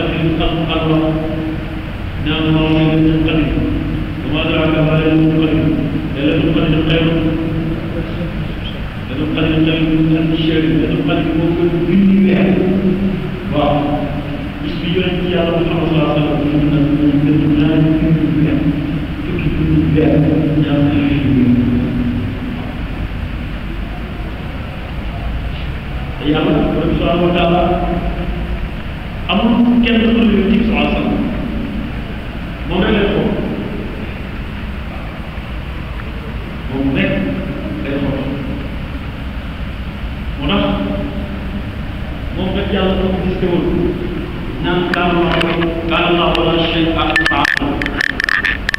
تنقلب القلب نام الله تنقلب وما دعاك فلا تنقلب لا تنقلب خير لا تنقلب خير من أهل الشر لا تنقلب مؤمن مني بها واو اسمي يا رب محمد صلى الله عليه وسلم من لا تنقلب بها تكتب بها يا رب Yang bersuara dalam amul kenn ku ne leen ci soxla moom rek lay xool moom rek lay xool moo tax moom rek yàlla ko gis woon naan daal laa wala chien ak baax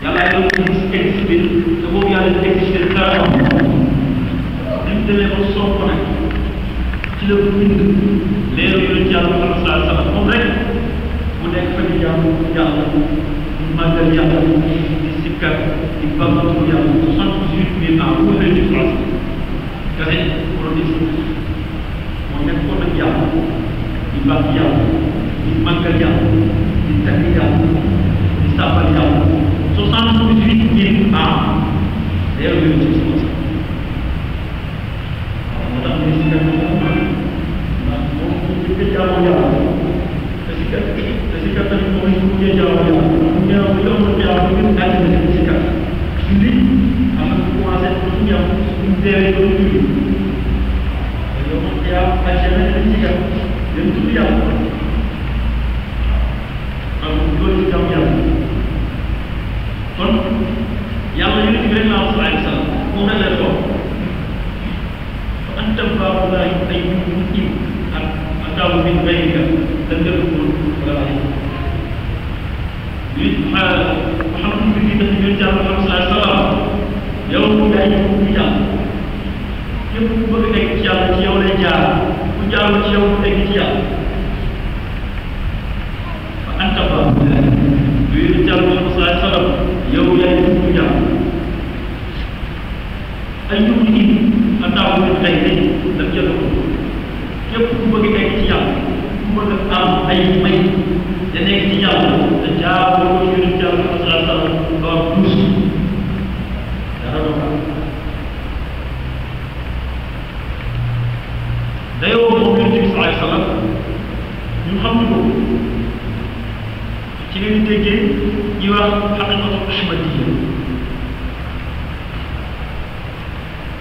yàlla yàlla ko gis existé te moom yàlla existé dara li mu demee ba sopp nag ci la bind leeru yonent yàlla Muhammad sallallahu alayhi wa sallam moom rek mu nekk fa di jàmm yàlla di màggal yàlla di sikkar di bambantu yàlla soixante-dix-huit mille ans pour le di France nga ne producteur moo nekkoon ak yàlla di bàq yàlla di màggal yàlla di tagg yàlla di sàbbal yàlla soixante-dix-huit mille ans leeru yonent bi salaay salaam ñu xam ni boobu ci la ñu déggee ñi wax xaqiqatu ahmadiya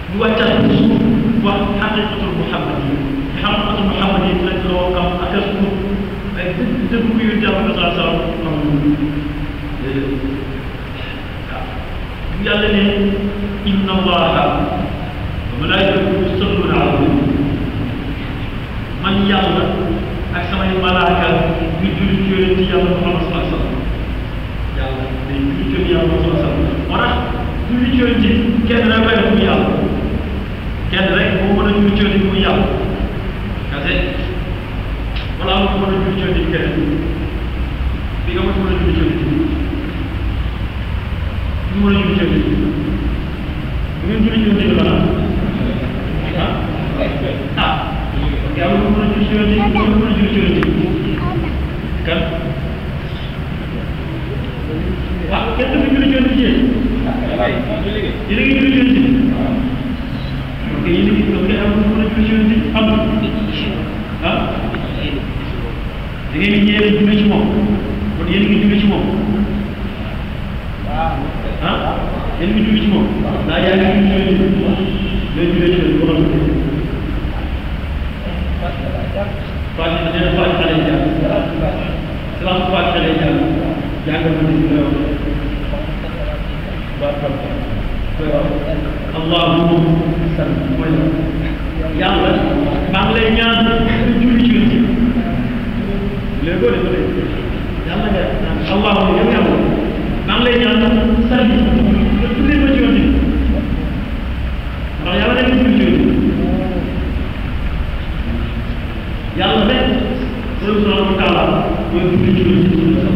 ñu wàccal suuf wax xaqiqatu muhammadiya xaqiqatu muhammadiya nag loo xam ak as ko ay dëgg bu yu jàmm na saa salaam xam yàlla ne inna allaha wa malaikatu yàlla ak samay malaaka ñu julli ci yonent yàlla Muhammad sallallahu alayhi wa sallam yàlla day julli ci yàlla Muhammad sallallahu alayhi wa sallam moo tax julli ci yonent yi kenn rek rek muy yàlla kenn rek moo mën a julli ci yonent yi muy yàlla kase wala moo mën a julli ci yonent yi kenn Şey şey, da ngeen yéene jëme ci moom kon yéen ngi jëme ci moom ah yéen ngi jëme ci moom ndax yaa ngi jëme ci moom ngay jëme ci moom loolu Fatih nee na Fatih xale jàng salaam Fatih xale jàng jàngal ma ni lay wax Allahumma salli yàlla maa ngi lay ñaan léegi doo def léegi yàlla nga allah wa yàlla yàlla maa ngi lay ñaan sànni nga tuddee ma ci yoon bi ndax yàlla nekk ci biir yàlla rek loolu subhanahu wa taala mooy dund ci loolu ci loolu sax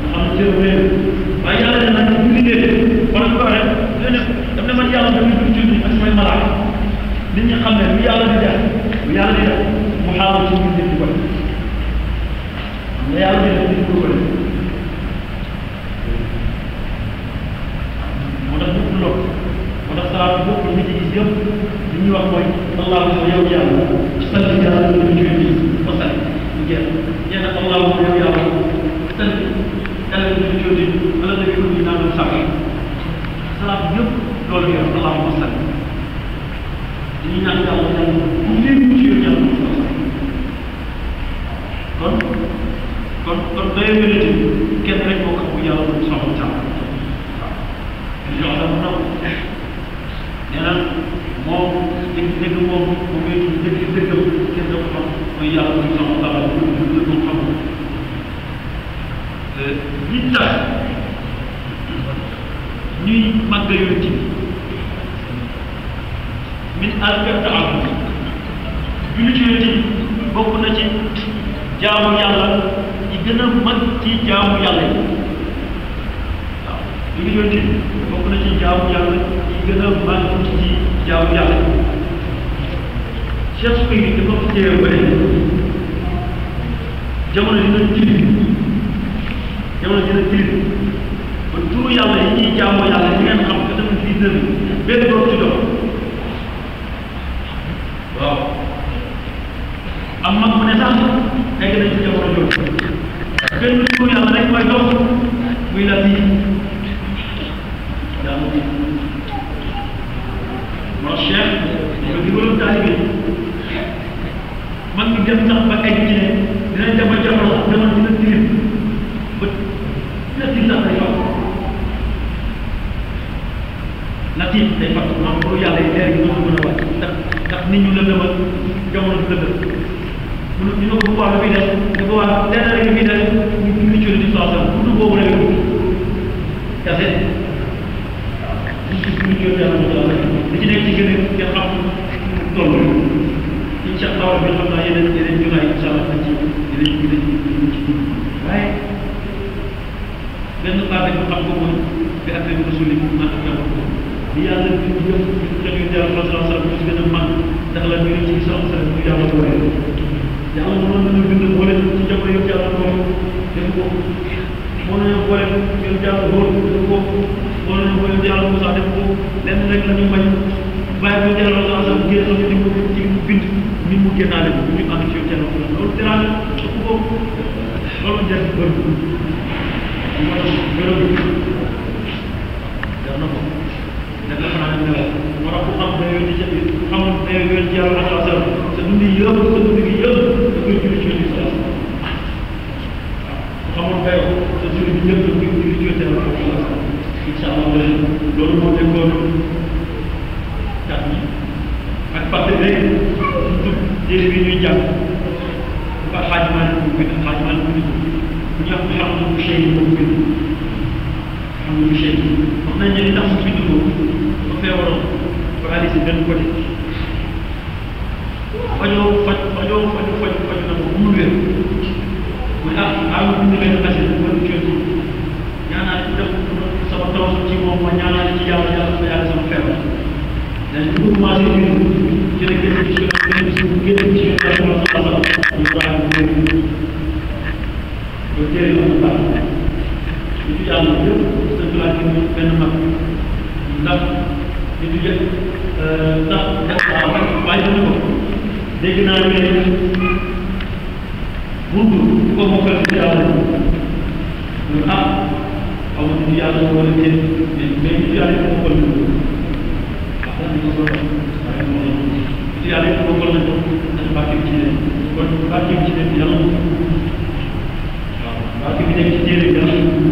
nga xam cër bu waaye yàlla ne nag ñu liggéey kon ko rek ñu ne daf ne man yàlla damay dund ci loolu ak samay malaaka nit ñi xam ne lu yàlla di def lu yàlla di def mu xaaral ci ñu def di ko te yàlla jëlee nit ku bëri moo tax ñëpp lool moo tax salaatu boobu nit yi yëpp li ñuy wax mooy allahumma yow yàlla salli yàlla ñu ngi jógee ba salli ngeen yéen ak allahumma yow yàlla salli yàlla ñu ngi jógee wala nga jógee naa doon sàmm salaatu yëpp loolu yëpp allahumma salli dañuy naan yàlla yàlla bu leen ñu sayabilirim. Gelerek o kapıyı aldım savunacağım. Rica Yani mo dikdeki mo bu bir dikdeki dikdeki kendi okuma o yardım savunacağım. Bu yüzde doksan. Bitta. Ñuy màggal yonent bi min alkar da am julli ci yonent bi bokk na ci jaamu yàlla gën a mag ci jaamu yàlla yi waaw li nga yónni bokk na ci jaamu yàlla yi gën a mag ci jaamu yàlla yi Cheikh Oumy dafa ko teewee ba jamono dina tilim jamono dina tilim ba turu yàlla yi ñuy jaamu yàlla yi ngeen xam que dafa fii dënn benn bopp ci dox Bila ni Dah mungkin Masyaf Bagi belum tak ingin Mati dia tak pakai dia Dia macam macam Allah Dia macam dia Dia tak tak Nanti saya patut mampu Ya lain dari Tak Tak ni nyula Jangan lupa Mulut ni nak berbuah lebih dah Dia berbuah Dia dah lebih dah yow yaa ngi doon li ci nekk ci gën a gën a am tool bi incha allah bi xam naa yeneen yeneen julaay incha allah dañ ci dinañ ci dinañ ci waaye benn baat rek xam ko mooy bi affaire bi suul yi moom naan ak yàlla ko li yàlla di di def xëy na yàlla sallallahu alayhi wa sallam gën a màgg ndax la ñu ci sallallahu alayhi wa sallam ñu yàlla ko yàlla mënoon nañu bind boole ci jamono yëpp yàlla ko def ko mën nañoo boole ñoom jàll góor def ko mën nañoo boole jàll bu sax def ko lenn rek la ñu bañ waaye bu jàll la sax génn ñu di ko ci bind ni mu génnaale ko ñu am ci jàll ko loolu dinaa la ëpp ko loolu njëriñ bëri ko moo tax gërëm jar na ko nekk naa ne moo tax ku xam dañoo ci xamul dañoo yor jàll ak te nu muy yëpp ñun ñëpp ñu ngi ñu ngi jotee wax incha allah loolu moo nekkoon kat yi ak partenaire yi surtout jéem bi ñuy jàpp ba xaaj maa ne ko gën xaaj maa ne ko gën ñu am xam nga bu chey moom gën xam nga bu chey wax nañ ne li tax mu bind ko ba feebaroon ba réalisé benn côté fajoo faj fajoo faju faju faju na ko bu mu wér dan duk masih di kira-kira di sungguh cinta masalah bukan berkira masalah itu yang itu setelah dimakan makan tak itu ya tak banyak kok dikenalnya budu kok mau kerja lagi Nah, kamu tidak boleh jadi, jadi tidak boleh ci yàlla it bokkal nañ ko ndax barke bi ci ne kon barke bi ci ne yàlla waaw barke bi nekk ci jéere yàlla